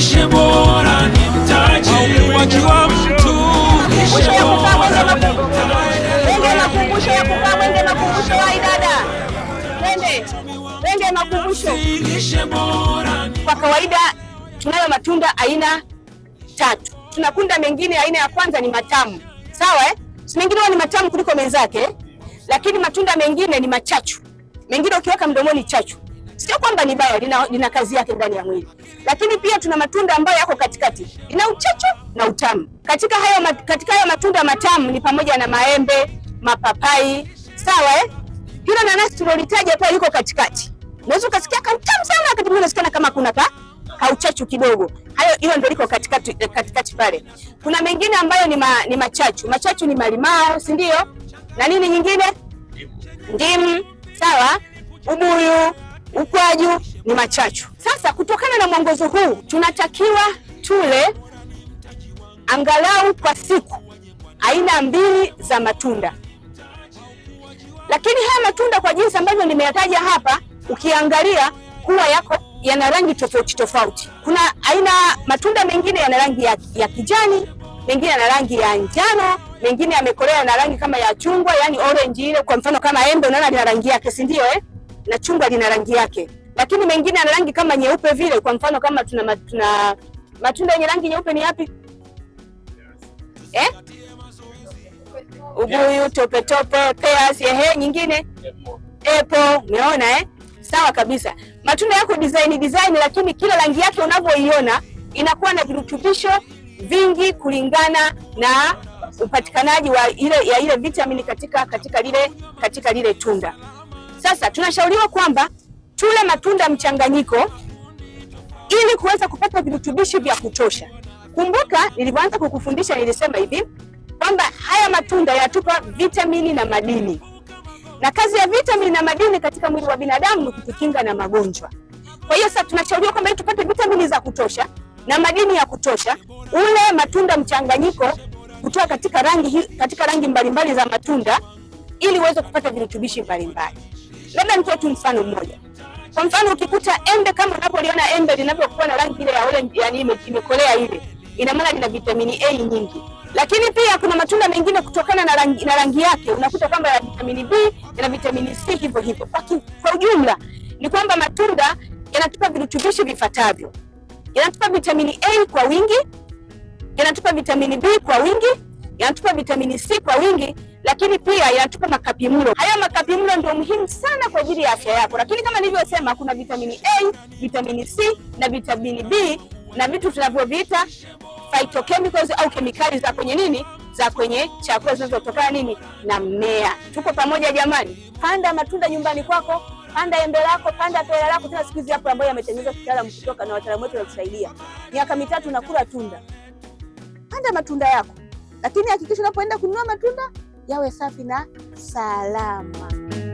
lishe bora ni mtaji wa Kwa kawaida tunayo matunda aina tatu. Tuna kunda mengine, aina ya kwanza ni matamu, sawa eh? mengine huwa ni matamu kuliko menzake, lakini matunda mengine ni machachu, mengine ukiweka mdomoni chachu Sio kwamba ni baya, lina, lina kazi yake ndani ya mwili, lakini pia tuna matunda ambayo yako katikati, ina uchachu na utamu. Katika hayo, katika hayo matunda matamu ni pamoja na maembe, mapapai, sawa eh? Hilo nanasi tulolitaja pia liko katikati. Unaweza ukasikia kautamu sana, wakati mwingine unasikia kama kuna ka kauchachu kidogo. Hayo hiyo ndio liko katikati, eh, katikati pale. Kuna mengine ambayo ni, ma, ni machachu. Machachu ni malimao, si ndio? Na nini nyingine? Ndimu, sawa? Ubuyu ukwaju ni machachu. Sasa kutokana na mwongozo huu tunatakiwa tule angalau kwa siku aina mbili za matunda, lakini haya matunda kwa jinsi ambavyo nimeyataja hapa, ukiangalia huwa yako yana rangi tofauti tofauti. Kuna aina matunda mengine yana rangi ya, ya kijani, mengine yana rangi ya njano, mengine yamekolea na rangi kama ya chungwa, yani orange ile. Kwa mfano kama embe, unaona lina rangi yake, si ndio eh? na chungwa lina rangi yake, lakini mengine yana rangi kama nyeupe vile. Kwa mfano kama tuna, tuna matunda yenye rangi nyeupe ni yapi? Eh? Ubuyu, topetope, peas, ehe, nyingine apple. Umeona eh? Sawa kabisa. Matunda yako design design, lakini kila rangi yake unavyoiona inakuwa na virutubisho vingi kulingana na upatikanaji wa ile ya ile vitamini katika katika lile katika lile tunda. Sasa tunashauriwa kwamba tule matunda mchanganyiko ili kuweza kupata virutubishi vya kutosha. Kumbuka nilivyoanza kukufundisha nilisema hivi kwamba haya matunda yanatupa vitamini na madini, na kazi ya vitamini na madini katika mwili wa binadamu ni kutukinga na magonjwa. Kwa hiyo sasa tunashauriwa kwamba tupate vitamini za kutosha na madini ya kutosha, ule matunda mchanganyiko kutoka katika rangi, katika rangi mbalimbali za matunda ili uweze kupata virutubishi mbalimbali. Labda nitoe tu mfano mmoja. Kwa mfano, ukikuta embe kama unapoliona embe linavyokuwa na rangi ile ya orange, yani imekolea ile, ina maana lina vitamini A nyingi. Lakini pia kuna matunda mengine kutokana na rangi, na rangi yake unakuta kwamba yana vitamini B, na vitamini C hivyo hivyo. Kwa, kwa ujumla ni kwamba matunda yanatupa virutubishi vifuatavyo. Yanatupa vitamini A kwa wingi, yanatupa vitamini B kwa wingi, yanatupa vitamini C kwa wingi lakini pia yanatupa makabimlo. Haya makabimlo ndio muhimu sana kwa ajili ya afya yako, lakini kama nilivyosema, kuna vitamini A, vitamini C na vitamini B na vitu tunavyoviita phytochemicals au kemikali za kwenye nini za kwenye chakula zinazotokana nini na mmea. Tuko pamoja jamani, panda matunda nyumbani kwako, panda embe lako, panda pera lako. Tena siku hizi hapo ambayo yametengenezwa kitaalamu kutoka na wataalamu wetu wanatusaidia, miaka mitatu nakula tunda. Panda matunda yako, lakini hakikisha unapoenda kununua matunda yawe safi na salama.